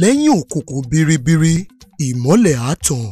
lẹ́yìn òkùnkùn biribiri ìmọ́lẹ̀ á tàn.